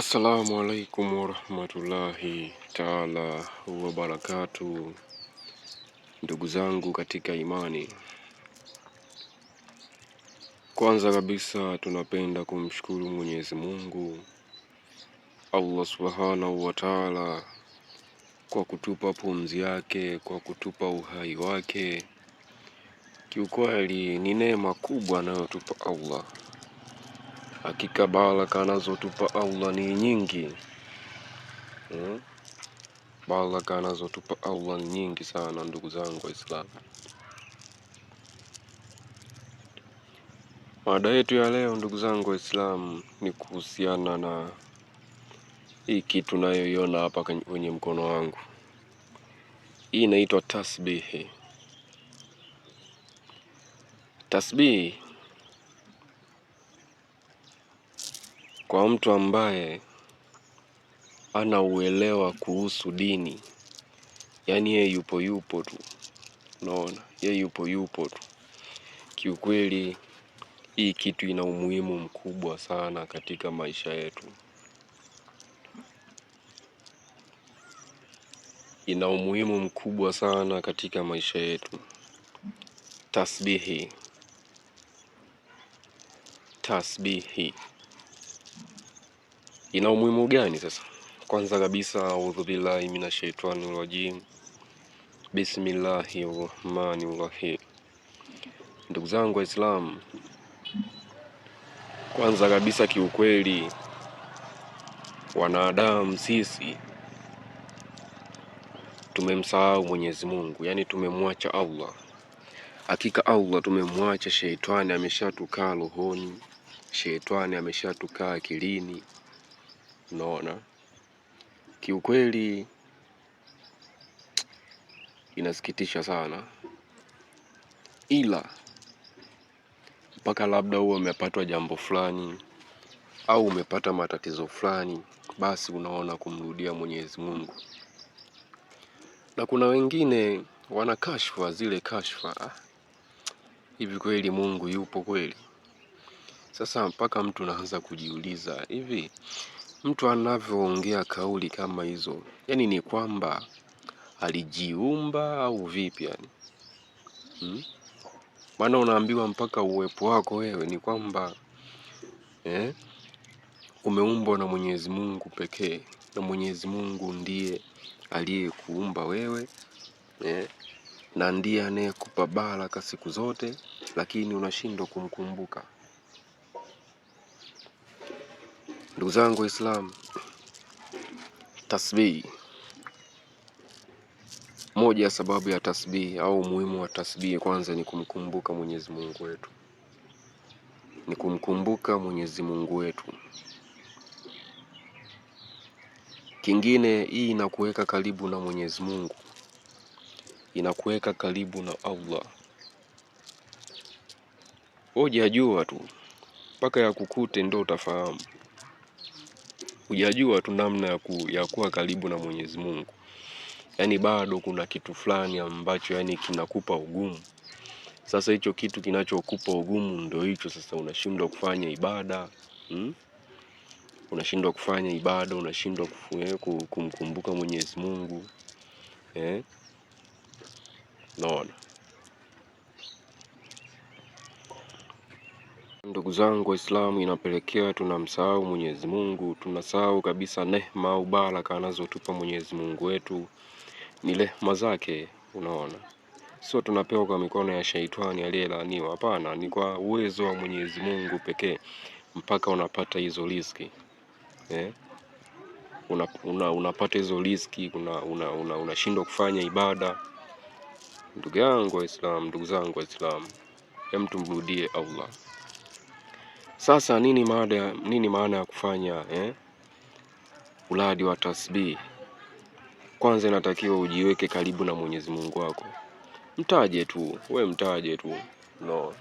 Assalamu alaikum warahmatullahi taala wabarakatu, ndugu zangu katika imani. Kwanza kabisa tunapenda kumshukuru Mwenyezi Mungu Allah subhanahu wa taala kwa kutupa pumzi yake, kwa kutupa uhai wake. Kiukweli ni neema kubwa anayotupa Allah Hakika baraka anazotupa Allah ni nyingi hmm? Baraka anazotupa Allah ni nyingi sana, ndugu zangu Waislamu. Mada yetu ya leo, ndugu zangu Waislamu, ni kuhusiana na hii kitu nayoiona hapa kwenye mkono wangu. Hii inaitwa tasbihi. Tasbihi Kwa mtu ambaye ana uelewa kuhusu dini, yaani yeye yupo yupo tu, unaona, yeye yupo yupo tu. Kiukweli hii kitu ina umuhimu mkubwa sana katika maisha yetu, ina umuhimu mkubwa sana katika maisha yetu. Tasbihi, tasbihi ina umuhimu gani sasa? Kwanza kabisa, audhu billahi minashaitani rajim, bismillahi rahmani rahim. Ndugu zangu Waislamu, kwanza kabisa, kiukweli wanadamu sisi tumemsahau Mwenyezi Mungu, yaani tumemwacha Allah. Hakika Allah tumemwacha, sheitani ameshatukaa rohoni, sheitani ameshatukaa akilini unaona kiukweli inasikitisha sana, ila mpaka labda huwa umepatwa jambo fulani au umepata matatizo fulani, basi unaona kumrudia Mwenyezi Mungu. Na kuna wengine wana kashfa, zile kashfa, ah, hivi kweli Mungu yupo kweli? Sasa mpaka mtu anaanza kujiuliza hivi mtu anavyoongea kauli kama hizo, yani ni kwamba alijiumba au vipi yani hmm? Maana unaambiwa mpaka uwepo wako wewe ni kwamba eh, umeumbwa na Mwenyezi Mungu pekee, na Mwenyezi Mungu ndiye aliyekuumba wewe eh, na ndiye anayekupa baraka siku zote, lakini unashindwa kumkumbuka. Ndugu zangu waislam tasbihi, moja ya sababu ya tasbihi au umuhimu wa tasbihi kwanza ni kumkumbuka Mwenyezi Mungu wetu, ni kumkumbuka Mwenyezi Mungu wetu. Kingine, hii inakuweka karibu na Mwenyezi Mungu, inakuweka karibu na Allah. hoja jua tu mpaka ya kukute ndo utafahamu hujajua tu namna ya kuwa karibu na Mwenyezi Mungu. Yaani bado kuna kitu fulani ambacho yani kinakupa ugumu. Sasa hicho kitu kinachokupa ugumu ndio hicho sasa, unashindwa kufanya ibada hmm? Unashindwa kufanya ibada, unashindwa eh, kumkumbuka Mwenyezi Mungu eh? Naona Ndugu zangu Waislamu, inapelekea tunamsahau Mwenyezi Mungu, tunasahau kabisa nehma au baraka anazotupa Mwenyezi Mungu wetu, ni rehema zake. Unaona, sio tunapewa kwa mikono ya shaitani aliyelaaniwa. Hapana, ni kwa uwezo wa Mwenyezi Mungu pekee mpaka unapata hizo riziki eh? Una, una, unapata hizo riziki unashindwa una, una, una kufanya ibada. Ndugu yangu Waislamu, ndugu zangu Waislamu, hem, tumrudie Allah. Sasa nini maana, nini maana ya kufanya eh, uradi wa tasbihi? Kwanza inatakiwa ujiweke karibu na Mwenyezi Mungu wako, mtaje tu we, mtaje tu no,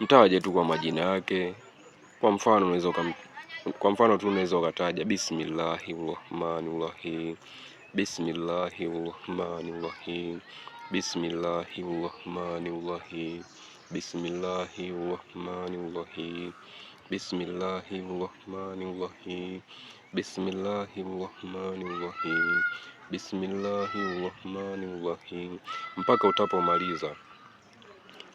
mtaje tu kwa majina yake. Kwa mfano unaweza kwa mfano tu unaweza ukataja bismillahi rahmani rahim, bismillahi rahmani rahim, bismillahi rahmani rahim Bismillahi rahmani rahim. Bismillahi rahmani rahim. Bismillahi rahmani rahim. Bismillahi rahmani rahim, mpaka utapomaliza,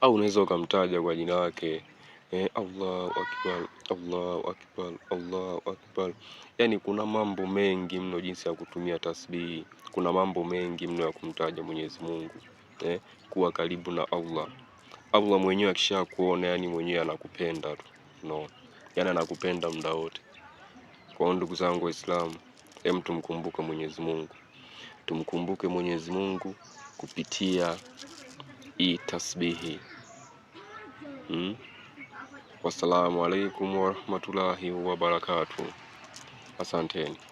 au unaweza ukamtaja kwa jina lake eh, Allahu akbar, Allahu akbar, Allahu akbar. Yani kuna mambo mengi mno jinsi ya kutumia tasbihi, kuna mambo mengi mno ya kumtaja Mwenyezi Mungu eh, kuwa karibu na Allah allah mwenyewe akisha kuona, yani mwenyewe anakupenda tu no, yani anakupenda muda wote. Kwa hiyo ndugu zangu Waislamu, hem, tumkumbuke Mwenyezi Mungu, tumkumbuke Mwenyezi Mungu kupitia hii tasbihi hmm? Wassalamu alaikum warahmatullahi wabarakatuh, asanteni.